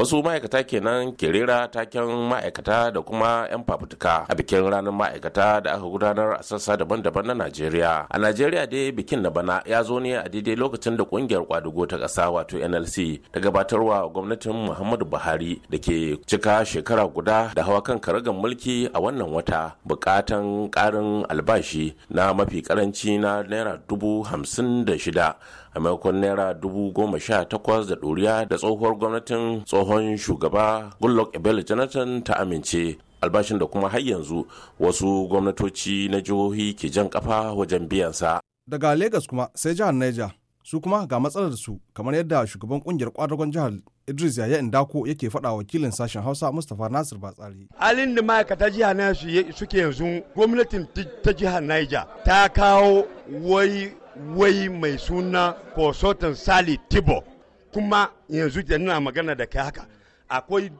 wasu ma'aikata kenan ke rera taken ma'aikata da kuma 'yan fafutuka a bikin ranar ma'aikata da aka gudanar a sassa daban-daban na najeriya a najeriya dai bikin na bana ya zo ne a daidai lokacin da kungiyar kwadugo ta ƙasa wato nlc ta gabatarwa gwamnatin muhammadu buhari da ke cika shekara guda da hawa kan karagar mulki a wannan wata bukatan ƙarin albashi na mafi karanci na naira dubu hamsin da shida a maimakon naira dubu goma sha takwas da ɗuriya da tsohuwar gwamnatin tsohon tsohon shugaba goodluck ebele jonathan ta amince albashin da kuma har yanzu wasu gwamnatoci na jihohi ke jan kafa wajen biyansa daga lagos kuma sai jihar niger su kuma ga matsalar su kamar yadda shugaban kungiyar kwadagon jihar idris yaya indako yake faɗa wakilin sashen hausa mustapha nasir batsari halin da ma'aikata jihar niger suke yanzu gwamnatin ta jihar niger ta kawo wai wai mai suna consultant sali tibo kuma yanzu da nuna magana da kai haka akwai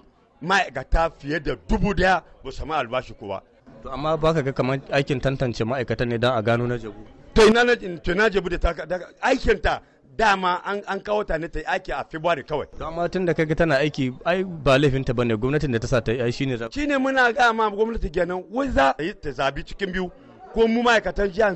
ma'aikata fiye da dubu daya ba samu albashi kowa. To amma ba ka ga kamar aikin tantance ma'aikata ne don a gano na jabu. To ina na to na jabu da ta aikin ta dama an kawo ta ne ta aiki a February kawai. To amma tun da kaga tana aiki ai ba laifin ta bane gwamnatin da ta sa ta yi shine. Shine muna ga ma gwamnati kenan wai za ta yi ta zabi cikin biyu. ko mu ma'aikatan jihar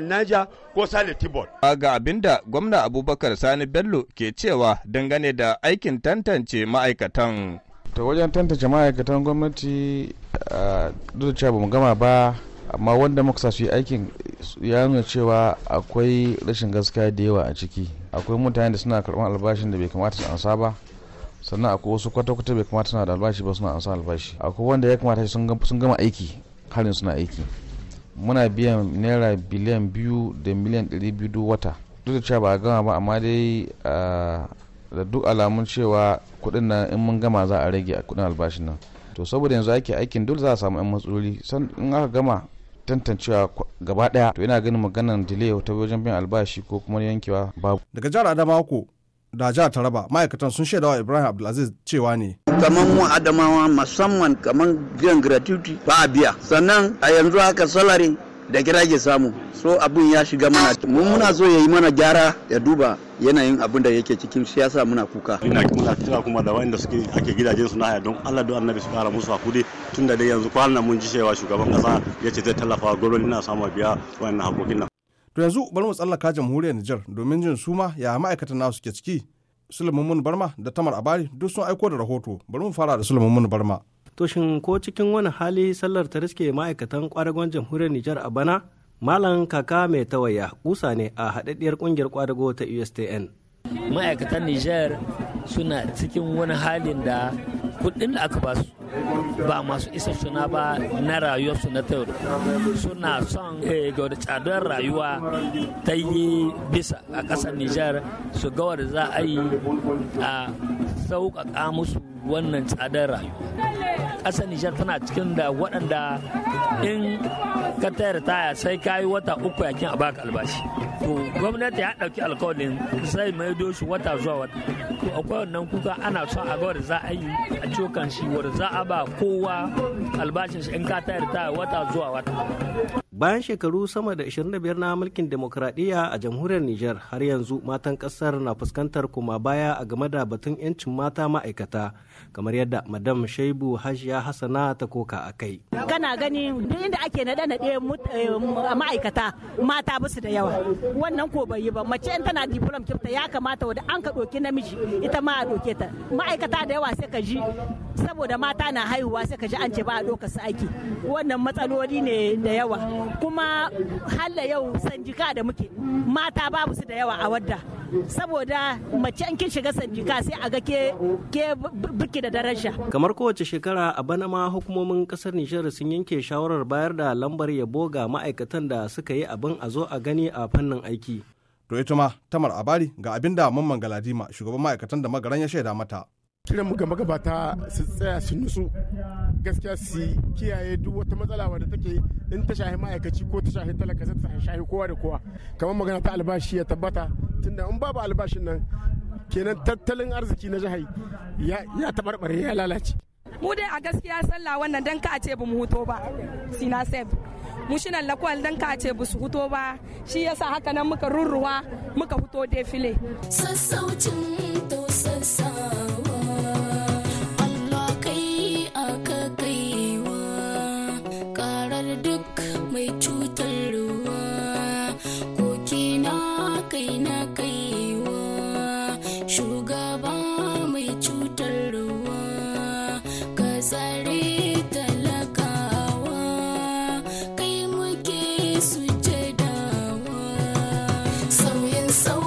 Niger ko Sale Tibor. Ga abinda gwamna Abubakar Sani Bello ke cewa dangane da aikin tantance ma'aikatan. Ta wajen tantance ma'aikatan gwamnati duk da cewa ba mu gama ba amma wanda muka sa su yi aikin ya nuna cewa akwai rashin gaskiya da yawa a ciki akwai mutane da suna karɓar albashin da bai kamata su ansa ba sannan akwai wasu kwata-kwata bai kamata suna da albashi ba suna ansa albashi akwai wanda ya kamata sun gama aiki harin suna aiki muna biyan naira biliyan biyu da miliyan ɗari biyu duk wata duk da cewa ba a gama ba amma dai ah, da duk alamun cewa kuɗin nan in mun gama za a rage a kuɗin albashin nan to saboda yanzu ake aikin dole za a samu 'yan matsaloli in aka gama tantancewa gaba ɗaya to ina ganin maganar delay ta wajen biyan albashi ko kuma yankewa babu daga jihar adamawa ko da jihar taraba ma'aikatan sun shaidawa ibrahim abdulaziz cewa ne kamar mu adamawa musamman kamar biyan gratuity ba a biya sannan a yanzu haka salari da kira ke samu so abun ya shiga mana mu muna so ya yi mana gyara ya duba yanayin abin da yake cikin siyasa muna kuka ina muna kira kuma da wanda suke ake gidajen su na haya don Allah don Annabi su fara musu hakuri tunda dai yanzu kwana mun ji cewa shugaban kasa yace zai tallafa gwamnati na samu biya wannan hakokin nan to yanzu bari mu tsallaka jamhuriyar Nijar domin jin suma ya ma'aikatan nasu suke ciki Sulaiman Barma da Tamar Abari duk sun aiko da rahoto. Bari mu fara da Sulaiman Barma. To shin ko cikin wani hali sallar ta riske ma'aikatan kwadagon jamhuriyar Nijar a bana? Malam kaka mai tawaya kusa ne a haɗaɗɗiyar ƙungiyar kwadago ta USTN. Ma'aikatan Nijar suna cikin wani halin da kuɗin da aka basu ba masu suna ba na rayuwarsu na tauri suna son eh, ga tsadar rayuwa ta yi bisa a ƙasar nijar su ga za a yi a sauƙaƙa musu wannan tsadar rayuwa ƙasar nijar tana cikin da waɗanda in ka tayar taya sai ka yi wata uku yakin a baka albashi to gwamnati ya ɗauki alkawalin sai mai doshi wata zuwa wata to akwai wannan kuka ana son a ga wanda za a yi a cokan shi wanda za a ba kowa albashin shi in ka tayar taya wata zuwa wata bayan shekaru sama da 25 na mulkin demokradiyya a jamhuriyar Nijar har yanzu matan kasar na fuskantar kuma baya a game da batun 'yancin mata ma'aikata kamar yadda madam shaibu hajiya hasana ta koka a kai kana gani duk inda ake naɗe naɗe eh, ma'aikata mata basu da yawa wannan ko bai yi ba mace in tana diplom kifta ya kamata wadda an ka ɗoki namiji ita ma a ɗoke ma'aikata da yawa sai ka ji saboda mata na haihuwa sai ka ji an ce ba a ɗaukar su aiki wannan matsaloli ne da yawa kuma halla yau sanjika da muke mata babu su da yawa a wadda saboda mace an kin shiga sanjika sai a ga ke ke da daraja kamar kowace shekara a bana ma hukumomin kasar Nijar sun yanke shawarar bayar da lambar yabo ga ma'aikatan da suka yi abin a zo a gani a fannin aiki to ita ma tamar abari ga abin da mamman galadima shugaban ma'aikatan da magaran ya shaida mata kiran mu gaba ta su tsaya su nutsu gaskiya su kiyaye duk wata matsala wadda take in ta shahi ma'aikaci ko ta shahi talaka ta shahi kowa da kowa kamar magana ta albashi ya tabbata tunda in babu albashin nan kenan tattalin arziki na jihar ya tabarbare ya lalace mu dai a gaskiya sallah wannan dan ka ce bu mu huto ba sina sef mu shi nan lakwal dan ka ce bu su huto ba shi yasa haka nan muka rurruwa muka huto defile sassaucin to sassawa so